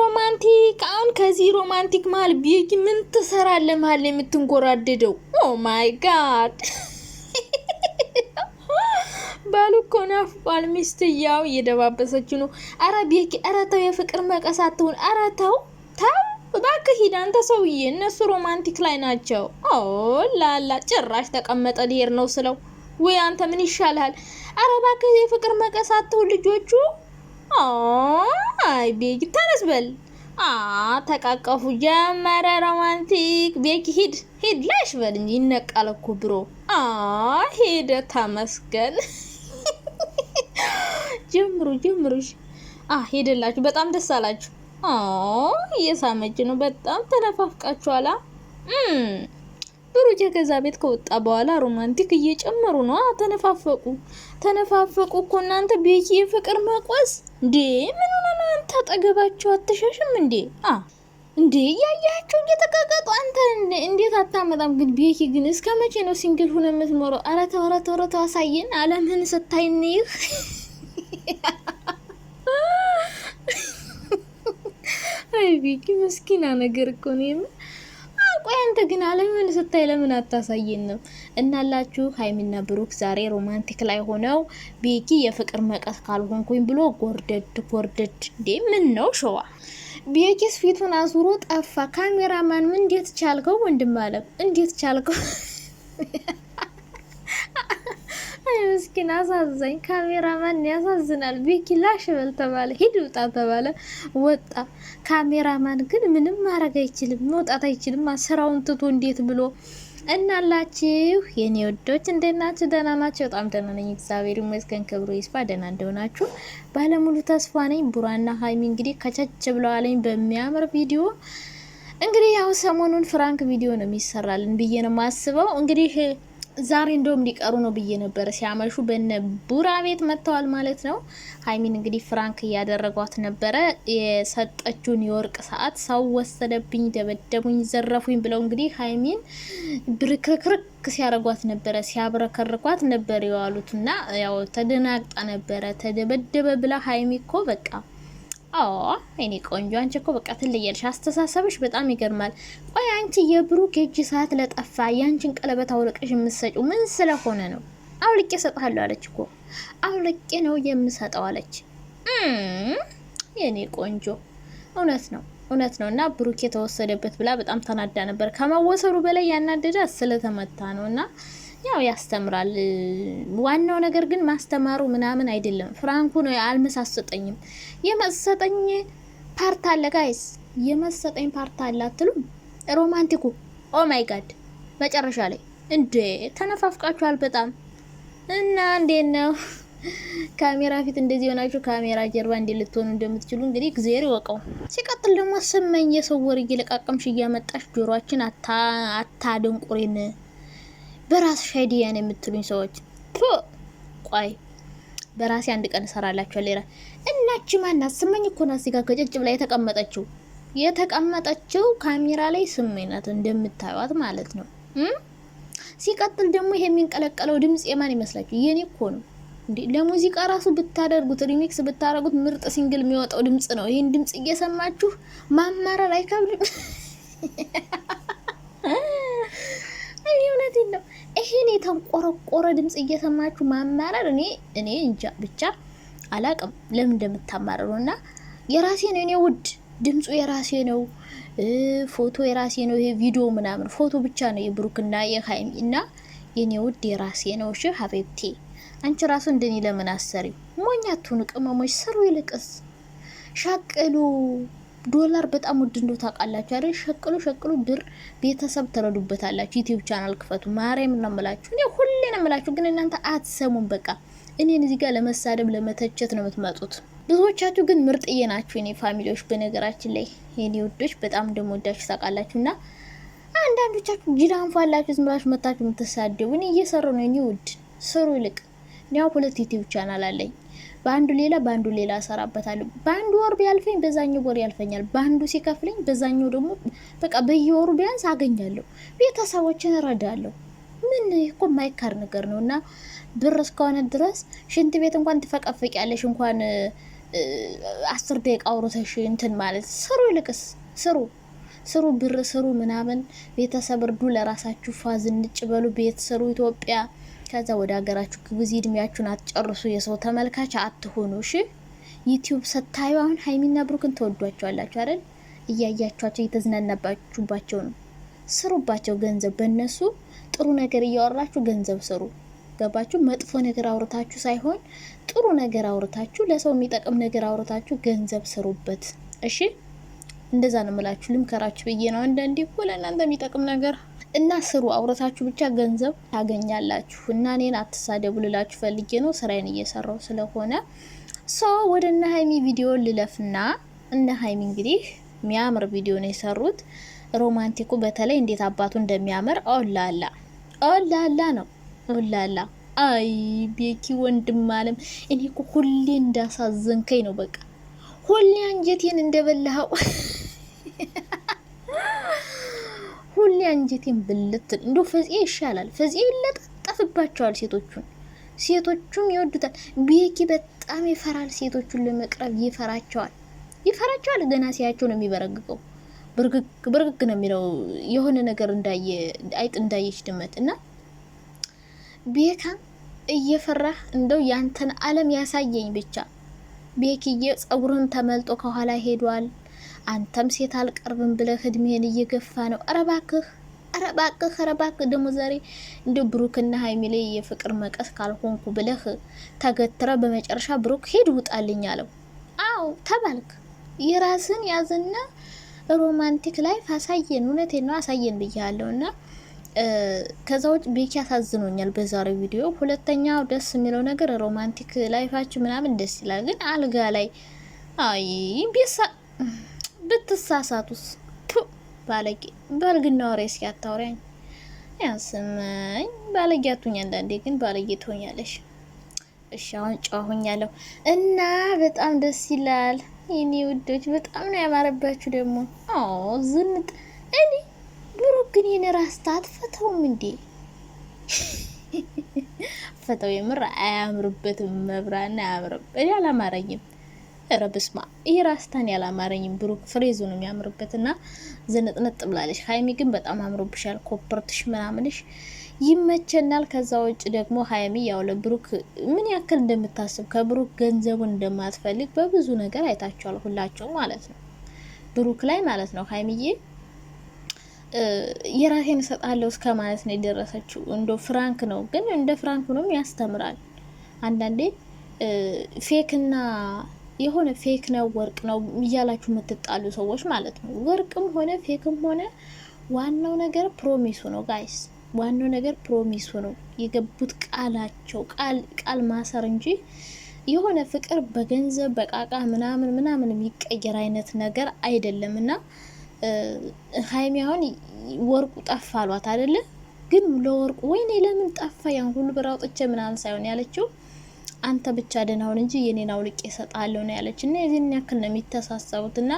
ሮማንቲክ፣ አሁን ከዚህ ሮማንቲክ መሀል ቤኪ ምን ትሰራለህ? መሀል የምትንጎራደደው ኦ ማይ ጋድ ባሉ እኮ ናፍቋል። ሚስትየው እየደባበሰች ነው። አረ ቤኪ፣ አረ ተው፣ የፍቅር መቀስ አትሁን። አረ ተው ተው እባክህ ሂድ አንተ ሰውዬ። እነሱ ሮማንቲክ ላይ ናቸው። ኦ oh ላላ ጭራሽ ተቀመጠ ልሄድ ነው ስለው፣ ወይ አንተ ምን ይሻልሃል? አረ እባክህ የፍቅር መቀስ አትሁን ልጆቹ አይ ቤኪ ተነስ በል። አ ተቃቀፉ ጀመረ። ሮማንቲክ ቤኪ ሂድ ሂድ ላሽ በል እንጂ ይነቃል እኮ ብሮ። አ ሄደ ተመስገን። ጀምሩ ጀምሩ። አ ሄደላችሁ። በጣም ደስ አላችሁ። አ እየሳመች ነው። በጣም ተነፋፍቃችኋላ። ብሩኬ ከዛ ቤት ከወጣ በኋላ ሮማንቲክ እየጨመሩ ነው። ተነፋፈቁ ተነፋፈቁ እኮ እናንተ ቤኪ የፍቅር መቆስ እንዴ ምን ሆነ አንተ? አጠገባቸው አትሸሽም እንዴ? አ እንዴ እያያቸው እየተቀቀጡ አንተ እንዴት አታመጣም? ግን ቤኪ ግን እስከ መቼ ነው ሲንግል ሁነ የምትኖረው? ኧረ ተው ኧረ ተው ኧረ ተው አሳየን። አለምህን ስታይን ይህ አይ ቤኪ ምስኪና ነገር እኮ ነው። ቆይ አንተ ግን አለምህን ስታይ ለምን አታሳየንም? እናላችሁ ሀይሚና ብሩክ ዛሬ ሮማንቲክ ላይ ሆነው ቤኪ የፍቅር መቀስ ካልሆንኩኝ ብሎ ጎርደድ ጎርደድ። እንዴ ምን ነው ሸዋ ቤኪስ ፊቱን አዙሮ ጠፋ። ካሜራማን እንዴት ቻልከው ወንድም አለም እንዴት ቻልከው? አይ ምስኪን አሳዘኝ። ካሜራማን ያሳዝናል። ቤኪ ላሽ በል ተባለ፣ ሂድ ውጣ ተባለ፣ ወጣ። ካሜራማን ግን ምንም ማድረግ አይችልም፣ መውጣት አይችልም። ስራውን ትቶ እንዴት ብሎ እናላችሁ የኔ ወዶች እንዴት ናችሁ? ደህና ናቸው። በጣም ደህና ነኝ፣ እግዚአብሔር ይመስገን። ክብሩ ይስፋ። ደህና እንደሆናችሁ ባለሙሉ ተስፋ ነኝ። ቡራና ሀይሚ እንግዲህ ከቸች ብለዋለኝ በሚያምር ቪዲዮ። እንግዲህ ያው ሰሞኑን ፍራንክ ቪዲዮ ነው የሚሰራልን ብዬ ነው ማስበው እንግዲህ ዛሬ እንደውም ሊቀሩ ነው ብዬ ነበረ። ሲያመሹ በነ ቡራ ቤት መጥተዋል ማለት ነው። ሀይሚን እንግዲህ ፍራንክ እያደረጓት ነበረ። የሰጠችውን የወርቅ ሰዓት ሰው ወሰደብኝ፣ ደበደቡኝ፣ ዘረፉኝ ብለው እንግዲህ ሀይሚን ብርክርክርክ ሲያደረጓት ነበረ፣ ሲያብረከርኳት ነበር የዋሉት እና ያው ተደናግጣ ነበረ። ተደበደበ ብላ ሀይሚ እኮ በቃ አዎ እኔ ቆንጆ፣ አንቺ እኮ በቃ ትለያለሽ። አስተሳሰብሽ በጣም ይገርማል። ቆይ አንቺ የብሩክ የእጅ ሰዓት ለጠፋ ያንቺን ቀለበት አውልቀሽ የምትሰጪው ምን ስለሆነ ነው? አውልቄ እሰጥሃለሁ አለች እኮ። አውልቄ ነው የምሰጠው አለች። የእኔ ቆንጆ፣ እውነት ነው እውነት ነው። እና ብሩክ የተወሰደበት ብላ በጣም ተናዳ ነበር። ከመወሰዱ በላይ ያናደዳ ስለተመታ ነው እና ያው ያስተምራል። ዋናው ነገር ግን ማስተማሩ ምናምን አይደለም። ፍራንኩ ነው አልመሳሰጠኝም። የመሰጠኝ ፓርት አለ ጋይስ፣ የመሰጠኝ ፓርት አለ አትሉም? ሮማንቲኩ ኦ ማይ ጋድ መጨረሻ ላይ እንዴ ተነፋፍቃችኋል በጣም እና እንዴት ነው ካሜራ ፊት እንደዚህ ሆናችሁ ካሜራ ጀርባ እንዴት ልትሆኑ እንደምትችሉ እንግዲህ እግዜር ይወቀው። ሲቀጥል ደግሞ ስመኝ የሰው ወሬ እየለቃቀምሽ እያመጣሽ ጆሮችን አታደንቁሬን በራስሽ አይዲያ ነው የምትሉኝ ሰዎች ቆይ በራሴ አንድ ቀን እሰራላችኋለሁ ይላል። እናች ማና ስመኝ እኮ ናት እዚህ ከጭጭ ብላ የተቀመጠችው የተቀመጠችው ካሜራ ላይ ስመኝ እንደምታዩት ማለት ነው። ሲቀጥል ደግሞ ይሄ የሚንቀለቀለው ድምጽ የማን ይመስላችሁ? የኔ እኮ ነው እንዴ! ለሙዚቃ ራሱ ብታደርጉት ሪሚክስ ብታደርጉት ምርጥ ሲንግል የሚወጣው ድምጽ ነው። ይህን ድምጽ እየሰማችሁ ማማረር አይከብድም? እውነቴን ነው። ይሄን የተንቆረቆረ ድምፅ እየሰማችሁ ማማረር እኔ እኔ እንጃ ብቻ አላቅም ለምን እንደምታማረሩ እና የራሴ ነው እኔ ውድ ድምፁ የራሴ ነው፣ ፎቶ የራሴ ነው። ይሄ ቪዲዮ ምናምን ፎቶ ብቻ ነው የብሩክና የሀይሚ እና የኔ ውድ የራሴ ነው። እሺ ሀቤብቴ አንቺ ራሱ እንደኔ ለምን አሰሪ ሞኛቱን ቅመሞች ስሩ ይልቅስ ሻቅሉ ዶላር በጣም ውድ እንደው ታውቃላችሁ አይደል? ሸቅሉ ሸቅሉ ብር ቤተሰብ ትረዱበታላችሁ። ዩቲዩብ ቻናል ክፈቱ። ማርያም ነው የምላችሁ፣ እኔ ሁሌ ነው የምላችሁ፣ ግን እናንተ አትሰሙም። በቃ እኔን እዚህ ጋር ለመሳደብ ለመተቸት ነው የምትመጡት። ብዙዎቻችሁ ግን ምርጥዬ ናችሁ እኔ ፋሚሊዎች። በነገራችን ላይ የኔ ውዶች በጣም እንደምወዳችሁ ታውቃላችሁ እና አንዳንዶቻችሁ ጅዳን ፋላችሁ ዝም ብላችሁ መታችሁ የምትሳደቡ፣ እኔ እየሰሩ ነው እኔ ውድ ስሩ። ይልቅ ሁለት ዩቲዩብ ቻናል አለኝ በአንዱ ሌላ በአንዱ ሌላ እሰራበታለሁ። በአንዱ ወር ቢያልፈኝ በዛኛው ወር ያልፈኛል። በአንዱ ሲከፍለኝ በዛኛው ደግሞ በቃ በየወሩ ቢያንስ አገኛለሁ። ቤተሰቦችን እረዳለሁ። ምን እኮ የማይካር ነገር ነው እና ብር እስከሆነ ድረስ ሽንት ቤት እንኳን ትፈቀፍቂያለሽ እንኳን አስር ደቂቃ አውርተሽ እንትን ማለት ስሩ፣ ይልቅስ ስሩ። ስሩ፣ ብር ስሩ፣ ምናምን ቤተሰብ እርዱ፣ ለራሳችሁ ፋዝ እንጭ በሉ፣ ቤት ስሩ ኢትዮጵያ። ከዛ ወደ ሀገራችሁ ግብዝ፣ እድሜያችሁን አትጨርሱ፣ የሰው ተመልካች አትሆኑ። እሺ ዩቲዩብ ስታዩ አሁን ሀይሚና ብሩክን ተወዷቸዋላችሁ አይደል? እያያችኋቸው እየተዝናናባችሁባቸው ነው። ስሩባቸው ገንዘብ በእነሱ ጥሩ ነገር እያወራችሁ ገንዘብ ስሩ። ገባችሁ? መጥፎ ነገር አውርታችሁ ሳይሆን ጥሩ ነገር አውርታችሁ ለሰው የሚጠቅም ነገር አውርታችሁ ገንዘብ ስሩበት። እሺ እንደዛ ነው የምላችሁ። ልምከራችሁ ብዬ ነው። አንዳንዴ እኮ ለእናንተ የሚጠቅም ነገር እና ስሩ አውረታችሁ ብቻ ገንዘብ ታገኛላችሁ። እና እኔን አትሳደቡ ልላችሁ ፈልጌ ነው። ስራዬን እየሰራው ስለሆነ ሶ ወደ እነ ሀይሚ ቪዲዮ ልለፍና እነ ሀይሚ እንግዲህ የሚያምር ቪዲዮ ነው የሰሩት። ሮማንቲኩ በተለይ እንዴት አባቱ እንደሚያምር ኦላላ ኦላላ ነው ኦላላ አይ ቤኪ ወንድም አለም እኔ እኮ ሁሌ እንዳሳዘንከኝ ነው። በቃ ሁሌ አንጀቴን እንደበላኸው ሁሌ አንጀቴን ብልት እንዶ ፈፄ ይሻላል። ፈፄ ይለጣጠፍባቸዋል ሴቶቹን ሴቶቹም ይወዱታል። ቤኪ በጣም ይፈራል። ሴቶቹን ለመቅረብ ይፈራቸዋል ይፈራቸዋል። ገና ሲያቸው ነው የሚበረግገው። ብርግግ ነው የሚለው የሆነ ነገር እንዳየ አይጥ እንዳየች ድመት እና ቤካ እየፈራህ እንደው ያንተን ዓለም ያሳየኝ ብቻ ቤኪዬ። ጸጉርህም ተመልጦ ከኋላ ሄዷል። አንተም ሴት አልቀርብም ብለህ እድሜን እየገፋ ነው። አረባክህ አረባክህ አረባክህ ደግሞ ዛሬ እንደ ብሩክና ሀይሚ ላይ የፍቅር መቀስ ካልሆንኩ ብለህ ተገትረ፣ በመጨረሻ ብሩክ ሄድ ውጣልኝ አለው። አው ተባልክ። የራስን ያዝና ሮማንቲክ ላይፍ አሳየን። እውነቴን ነው አሳየን ብያለሁ እና ከዛ ውጭ ቤኪ ያሳዝኖኛል በዛሬው ቪዲዮ። ሁለተኛው ደስ የሚለው ነገር ሮማንቲክ ላይፋችሁ ምናምን ደስ ይላል፣ ግን አልጋ ላይ አይ ቤሳ ብትሳሳቱስ? ቱ ባለጌ ባልግና ወሬ እስኪ አታውሪያኝ። ያስመኝ ባለጌ አትሁኝ። አንዳንዴ ግን ባለጌ ትሆኛለሽ። እሺ አሁን ጨዋሁኛለሁ እና በጣም ደስ ይላል። የኔ ውዶች በጣም ነው ያማረባችሁ። ደግሞ ዝንጥ እኔ ብሩክ ግን የኔ ራስታ አትፈተውም እንዴ? ፈተው የምር አያምርበትም። መብራን አያምርም። እኔ አላማረኝም። ረብስማ ይህ ይሄ ራስታን ያላማረኝም። ብሩክ ፍሬዙ ነው የሚያምርበት እና ዝንጥንጥ ብላለች። ሀይሚ ግን በጣም አምሮብሻል፣ ኮፐርትሽ ምናምንሽ ይመቸናል። ከዛ ውጭ ደግሞ ሀይሚ ያው ለብሩክ ምን ያክል እንደምታስብ ከብሩክ ገንዘቡን እንደማትፈልግ በብዙ ነገር አይታችኋል፣ ሁላቸው ማለት ነው ብሩክ ላይ ማለት ነው ሀይሚዬ የራሴን እሰጣለሁ እስከ ማለት ነው የደረሰችው። እንደ ፍራንክ ነው ግን እንደ ፍራንክ ሆኖም ያስተምራል አንዳንዴ ፌክና የሆነ ፌክ ነው ወርቅ ነው እያላችሁ የምትጣሉ ሰዎች ማለት ነው። ወርቅም ሆነ ፌክም ሆነ ዋናው ነገር ፕሮሚሱ ነው ጋይስ። ዋናው ነገር ፕሮሚሱ ነው፣ የገቡት ቃላቸው፣ ቃል ማሰር እንጂ የሆነ ፍቅር በገንዘብ በቃቃ ምናምን ምናምን የሚቀየር አይነት ነገር አይደለም። እና ሀይሚ አሁን ወርቁ ጠፋ አሏት አደለ? ግን ለወርቁ ወይኔ ለምን ጠፋ ያን ሁሉ ብር አውጥቼ ምናምን ሳይሆን ያለችው አንተ ብቻ ደህናውን እንጂ የኔን አውልቄ እሰጥሃለሁ ነው ያለች እና የዚህን ያክል ነው የሚተሳሰቡት። እና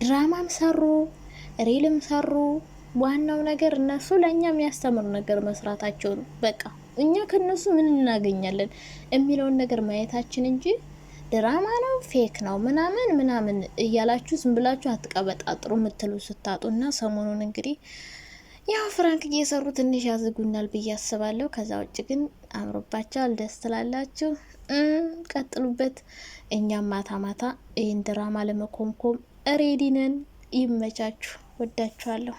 ድራማም ሰሩ ሪልም ሰሩ። ዋናው ነገር እነሱ ለእኛ የሚያስተምሩ ነገር መስራታቸው ነው። በቃ እኛ ከነሱ ምን እናገኛለን የሚለውን ነገር ማየታችን እንጂ ድራማ ነው ፌክ ነው ምናምን ምናምን እያላችሁ ዝም ብላችሁ አትቀበጣጥሩ የምትሉ ስታጡ እና ሰሞኑን እንግዲህ ያው ፍራንክ እየሰሩ ትንሽ ያዝጉናል ብዬ አስባለሁ። ከዛ ውጭ ግን አምሮባቸዋል። ደስ ትላላችሁ፣ ቀጥሉበት። እኛም ማታ ማታ ይህን ድራማ ለመኮምኮም ሬዲ ነን። ይመቻችሁ። ወዳችኋለሁ።